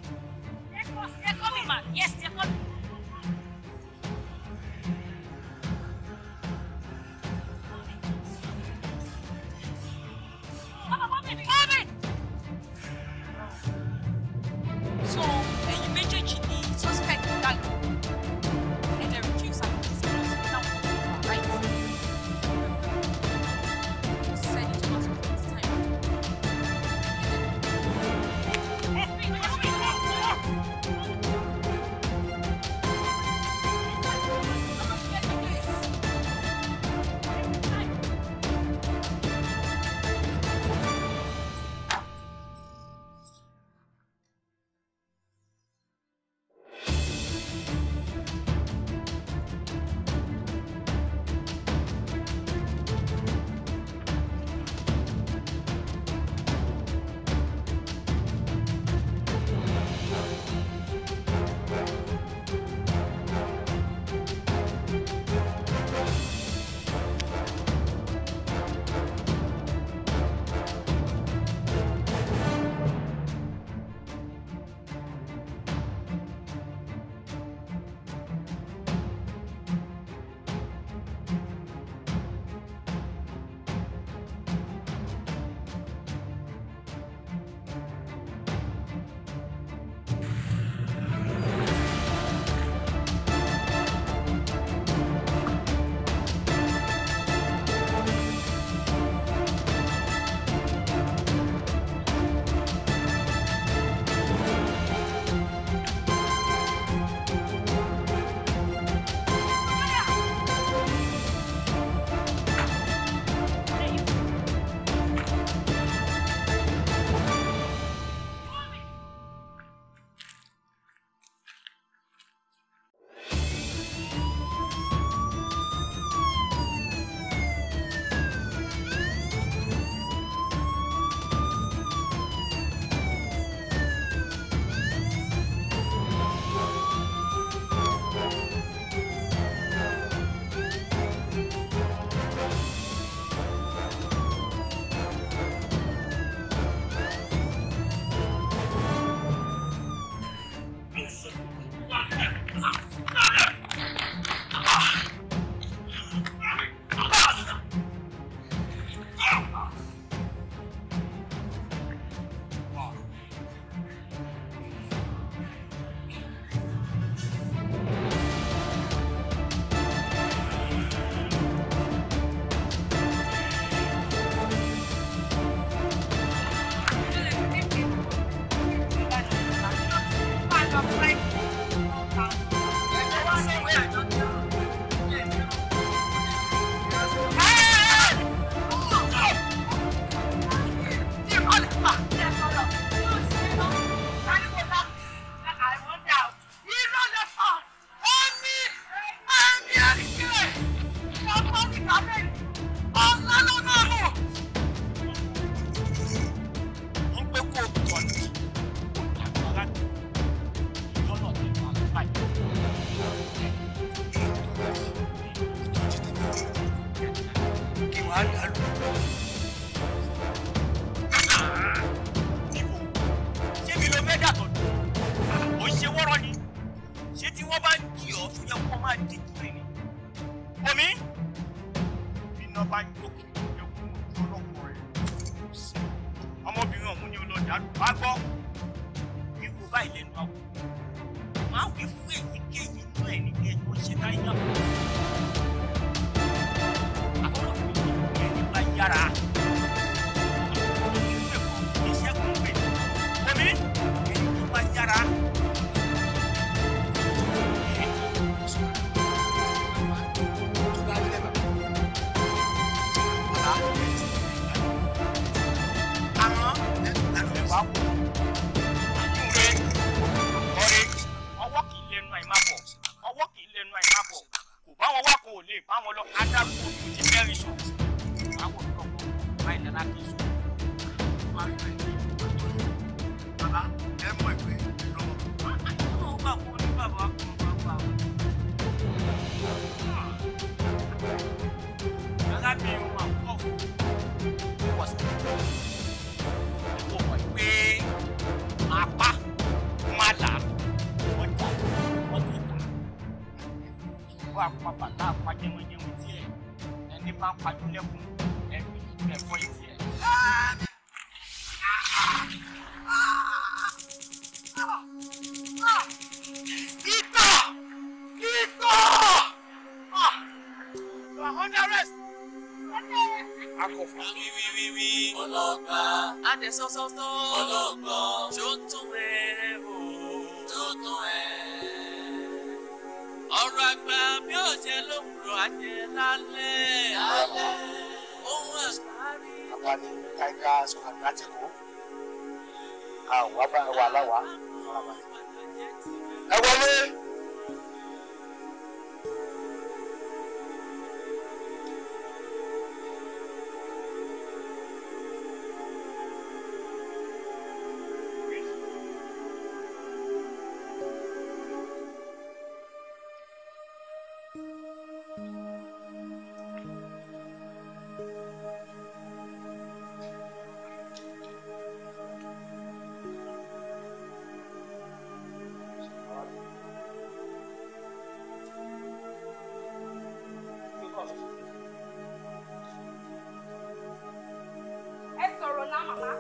ṣe sọ́sọ́sọ́. ọlọ́gbọ́n tó ẹ o. tó ẹ. ọ̀rọ̀ àgbà bí ó jẹ lówùrọ̀ àjẹ lálẹ́. lálẹ́. ohun àgbárí. bàbá ni káíká sọ̀rọ̀ àgbátìkù. àwọn bá wà láwàá. ẹ wọlé. ẹ̀wọ́n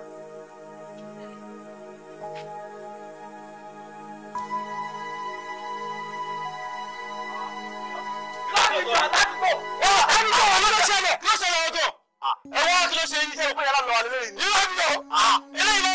kí ló ṣe yín ṣe òkú yàrá wà lórí ni. ìlú ẹ̀mí o eléyìí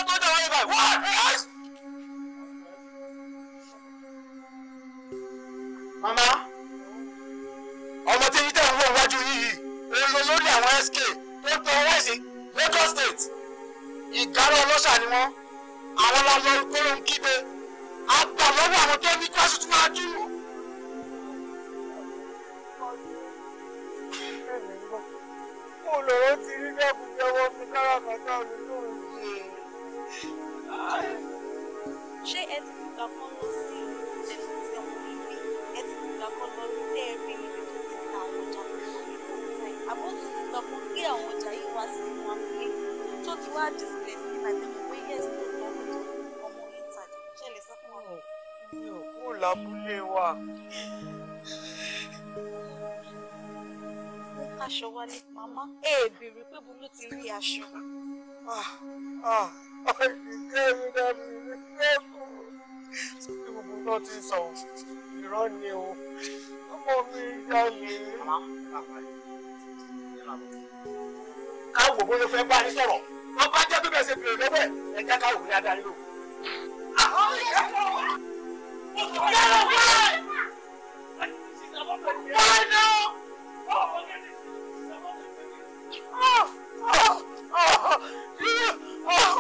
sugar. Ah, ah, I can tell you Some people do not think You run you. Come on, me, darling. Mama, ká wò bóyá fẹ́ bá yín sọ̀rọ̀ wọ́n bá jẹ́ tó bẹ̀ ṣe bèrè lọ́wọ́ ẹ̀ jẹ́ ká wò ní adarí o. àwọn ìyá ló wà. yàrá wà. wà á lọ. Oh, oh, oh. oh, oh, oh.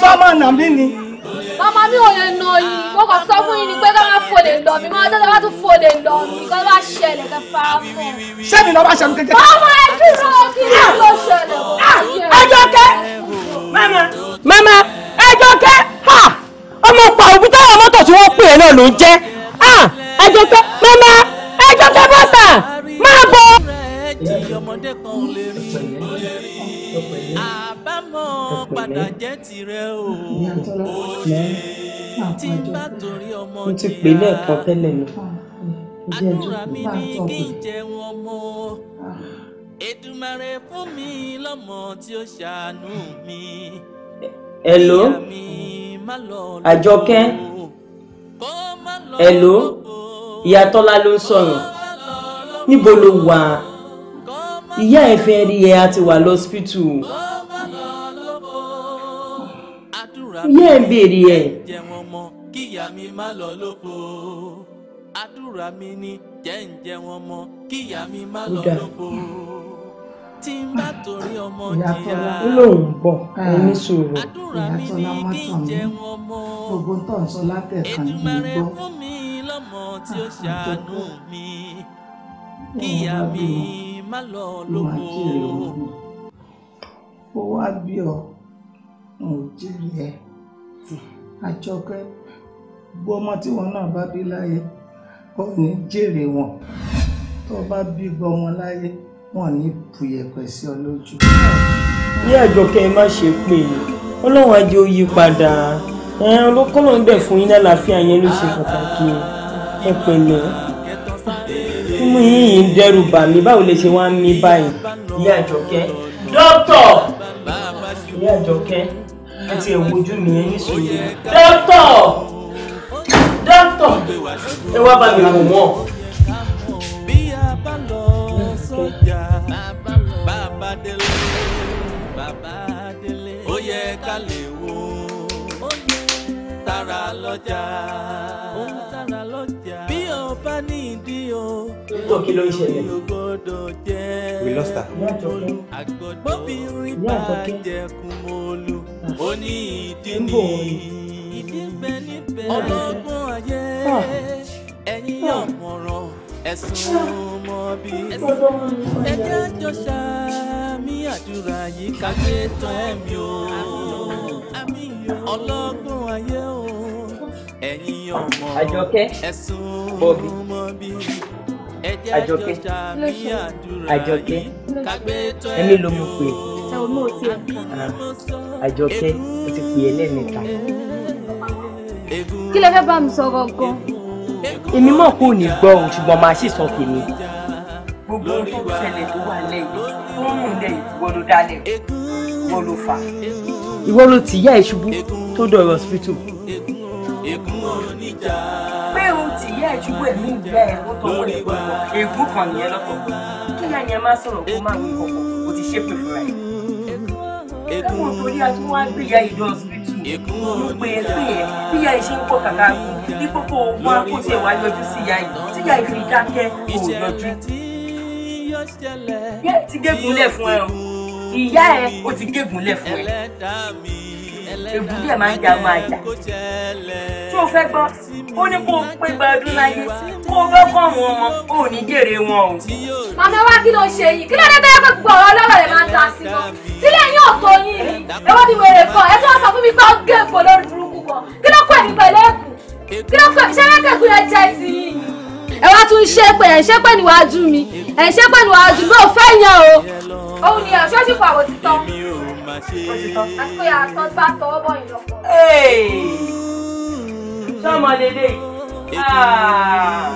sọ́mọ nà mí ni. Mama, mi ò lè nà yìí wọ́n kàn sọ fún yín ni pé ká máa fò lè lọ mi máa tẹ́lẹ̀ bá tún fò lè mi kọ́ bá ṣẹlẹ̀ kẹ́ fà á fọ́. ṣé mi lọ ṣẹlẹ̀ kékeré. ọmọ ẹ kí ló kí ló ló ṣẹlẹ̀ kó ṣẹlẹ̀. Àjọkẹ́ mama mama Àjọkẹ́ ọmọ pàrọ̀ bí táwọn mọ́tò tí wọ́n pè é náà ló ń jẹ́ jẹ́ tirẹ̀ o òye ah, tí n bá torí ọmọ jìyà ah, àdúrà mi ni kí n jẹun ọmọ ah. Èdùmàrè fún mi lọ́mọ tí ó ṣàánú mi. Hello Àjọkẹ́ Hello ìyá Tọ́lá ló ń sọ̀rọ̀ níbo ló wà ìyá ẹ̀fẹ́ rí ẹ àti wà lọ́sípítù. yẹ ẹ béèrè ẹ. jẹ wọn mọ kíyà mi má lọ lóko àdúrà mi ni jẹ́ ń jẹ wọn mi má lọ lóko tí n bá torí ọmọ jìyà ó lóun bọ̀ ó ah. ní sùúrù. àdúrà mi ni kí n jẹ wọn mọ Èdùmàrè fún mi lọ́mọ tí ó ah, ṣàánú mi mi má lọ lóko ó wá bí ọ ò jírí ẹ àjọkẹ́ gbọ́ ọmọ tí wọn náà bá bí láyé ò ní jèrè wọn tó bá bí gbọ́ ọmọ láyé wọn ní bùyẹ̀pẹ̀ sí ọ lójú. ní àjọkẹ́ ẹ má ṣe pé ọlọ́run ajé ó yí padà olókòlò ń dẹ̀ fún yín lálàáfíà yẹn ló ṣe pàtàkì ẹ pẹ̀lẹ́ mímú yín yìí ń dẹ́rù bà mí báwo lè ṣe wá mí báyìí. ìyá àjọkẹ́ dókítà ìyá àjọkẹ́ ẹ ti ẹ̀ wojú mi ẹ̀yìn sùn yìí. dókítọ̀ dókítọ̀ ẹ wá bá mi wò wọ́n. Tó kí ló ń ṣẹlẹ̀? We lost her. Mọ́bìnrin bá jẹ̀kùn mọ́lú ó ní ìdí ni ìdí ń níbẹ̀ ọlọ́gbọ́n ayé ah. ẹ̀yin ah. ọ̀mọ̀ràn ẹ̀sùn ah. mọ́ bí ẹ̀jẹ̀ àjọ sàmì àdúrà yìí kàgbé tán ẹ̀mí o ọlọ́gbọ́n ayé o ẹ̀yin ọ̀mọ̀ràn ẹ̀sùn mọ́ bí àjọkẹ́ àjọkẹ́ ẹni ló mú pé àjọkẹ́ ó ti pè é lẹ́ẹ̀mẹ́ta. kí lẹ fẹ́ bá mi sọ gangan. èmi mọ̀ kó ní gbọ́ òun ṣùgbọ́n màá sì sọ tèmi. gbogbo ohun tó ṣẹlẹ̀ tó wà lẹ́yìn tó ń mú lẹ́yìn ìwọ ló dálẹ̀ ìwọ ló fà. ìwọ ló tì yá ìṣubú tó dọ̀rọ̀ hospital bẹ́ẹ̀ ṣubú èmi ń jẹ́ ẹ̀ tó wọ́n lè gbọ́ ègún kan nìyẹn lọ́tọ̀ kí yá ni ẹ máa sọ̀rọ̀ kó máa ń kọ̀kọ̀ kò ti ṣe pè fúnra ẹ̀. ẹ̀kún torí a tún wá gbé ìyá yìí lọ ọsibítù mo pè é pè é bí ìyá yìí ṣe ń pọ̀ kàkà ní kókó owó akóṣe wà yọjú sí ìyá yìí tí ìyá yìí fi dákẹ́ kò yọjú. yẹ́ ti gégùn lẹ̀ fún ẹ o ìyá ẹ o ti gégùn lẹ̀ fún ẹ ègún dẹ̀ máa ń jagun àjà tí o fẹ́ gbọ́ ó ní kó o pé gbadun láyé kó o fẹ́ kọ́ àwọn ọmọ ó ní jèrè wọn o. màmá wa kí ló ṣe yìí kí ló dé bẹ́ẹ̀ pé gbogbo ọ̀rọ̀ ọlọ́rọ̀ rẹ̀ máa ń ta sí mọ́ sílẹ̀ yín ò yín ni ẹ wọ́n ti wèrè kan ẹ tí wọ́n sọ fún mi pé ó gé èpò lórí burúkú kan kí ló pè mí pẹ̀lú èkó kí ló pè ẹ wá tún máa ṣe. àpè àtọ́gbà tọwọ́ bọ̀ ìlọ́pọ̀. sọmọ lélẹ̀ ah!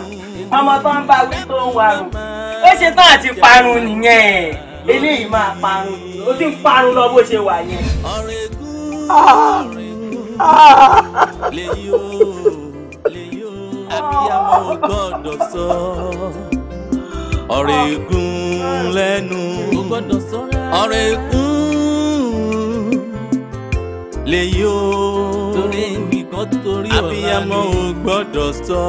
ọmọ tó ń bá wí tó ń warùn ó ṣe tán àti parun nìyẹn eléyìí máa parun ó ti ń parun lọ bó ṣe wà yẹn. Ah! lèyí lẹ́nu ọ̀rọ̀ lè yí o. torí nǹkan torí ọ̀la ni abiyamọ ò gbọ́dọ̀ sọ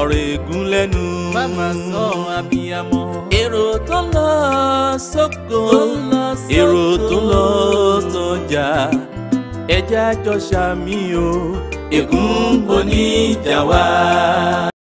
ọ̀rọ̀ ègún lẹ́nu. bàbá sọ abiyamọ. èrò tó lọ sóko èrò tó lọ sọ́jà ẹja jọ ṣàmì o ègún bo ní ìjà wa.